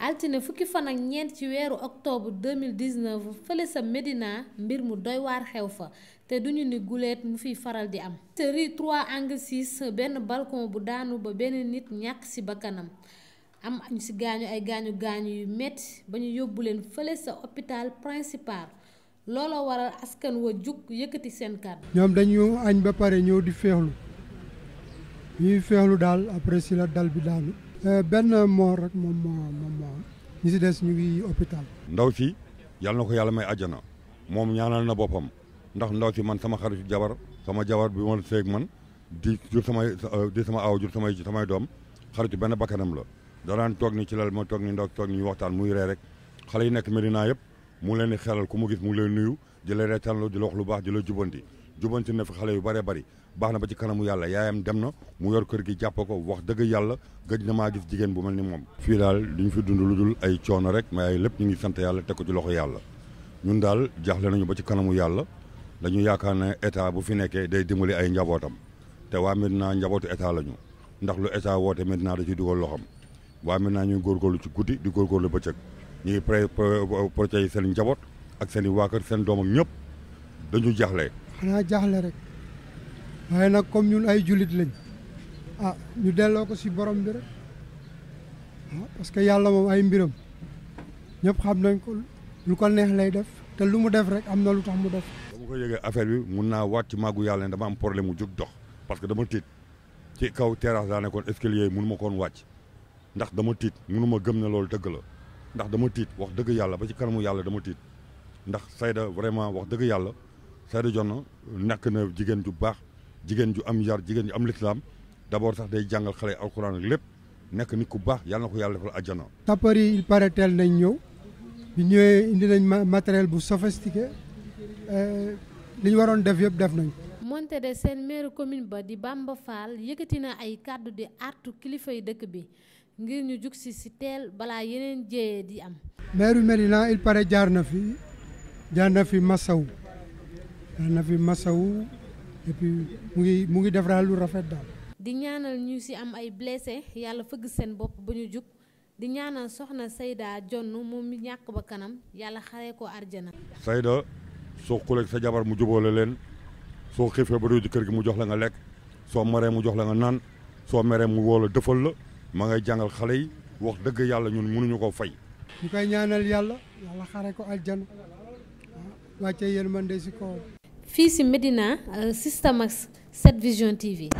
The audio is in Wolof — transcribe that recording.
altine fukki fan ak ñeent ci weeru octobre 2019 fële sa Médina mbir mu doy waar xew fa te duñu ni guleet mu fiy faral di am série 3 angle benn balcon bu daanu ba benn nit ñàkk ci bakkanam am ñu ci gaañu ay gaañu gaañu yu metti ba ñu yóbbu leen fële sa hôpital principal looloo waral askan wa jug yëkkati seen kàddu ñoom dañu ba pare ñëw di feexlu ñuy feexlu daal ñi si des ñu ngi hôpital. ndaw si yàlla na ko yàlla may àjjana moom ñaanal na boppam ndax ndaw si man sama xaritu jabar sama jabar bi ma seeg man di jur samay di sama aaw jur samay samay doom xaritu benn bakkanam la danaan toog ni ci lal ma toog ni ndaw toog ni waxtaan muy ree rek xale yi nekk naa yëpp mu leen di xelal ku mu gis mu leen nuyu di la reetaan di la wax lu baax di la jubanti jubante na fi xale yu bëree bari baax na ba ci kanamu yàlla yaayam dem na mu yor kër gi jàpp ko wax dëgg yàlla gëj na maa gis jigéen bu mel ni moom fii daal duñu ñu fi dund lu dul ay coono rek mais ay lépp ñu ngi sant yàlla teg ko ci loxo yàlla ñun daal jaaxle nañu ba ci kanamu yàlla dañu yaakaar ne état bu fi nekkee day dimbali ay njabootam te waa Médina njabootu état lañu ndax lu état woote Médina da ciy dugal loxam waa Médina ñu ngi góorgóorlu ci guddi di góorgóorlu bëccëg ñu ngi pré protéger seen njaboot ak seen i waa kër seen doom ak ñëpp dañu jaaxle xanaa jaaxle rek waaye nag comme ñun ay jullit lañ ah ñu delloo ko si borom bi rek ah, parce que yàlla moom ay mbiram ñëpp xam nañ ko lu ko neex lay def te lu mu def rek am na lu tax mu def. ba ma ko yëgee affaire bi mun naa waat ci màggu yàlla ne dama am problème mu jóg dox parce que dama tiit ci kaw terrasse daa nekkoon escalier yi mënu ma koon wàcc ndax dama tiit mënu ma gëm ne loolu dëgg la ndax dama tiit wax dëgg yàlla ba ci kanamu yàlla dama tiit ndax Sayda vraiment wax dëgg yàlla. Sadio Dione nekk na jigéen ju baax jigéen ju am yar jigéen ju am lislaam d'abord sax day jàngal xale alxuraan ak lépp nekk nit ku baax yàlla na ko yàlla defal àjjana. sapeur yi il paraît teel nañ ñëw bi ñëwee indi nañ matériel bu sophistiqué euh, li ñu waroon def yëpp def nañ moonte de seen maire commune ba di Bamba Fall na ay kàddu di artu kilifay dëkk bi ngir ñu jug si si teel balaa yeneen jéyee di am. maire Médina il paraît jaar na fi jaar na fi Massaw. daan na fi masawu et puis mu ngi mu ngi lu rafet dal. di ñaanal ñu si am ay blessé yàlla fëgg seen bopp ba ñu jug di ñaanal soxna Sayda jonn moom mi ñàkk ba kanam yàlla xaree ko arjana. Sayda soo xuleeg sa jabar mu jubóole leen so xiifee ba doo ci kër gi mu jox la nga lekk soo maree mu jox la nga naan soo meree mu woo la la ma ngay yi wax ñun mënuñu ko fay. ñaanal xare ko aljana fii si Médina euh, Systemax 7 Vision TV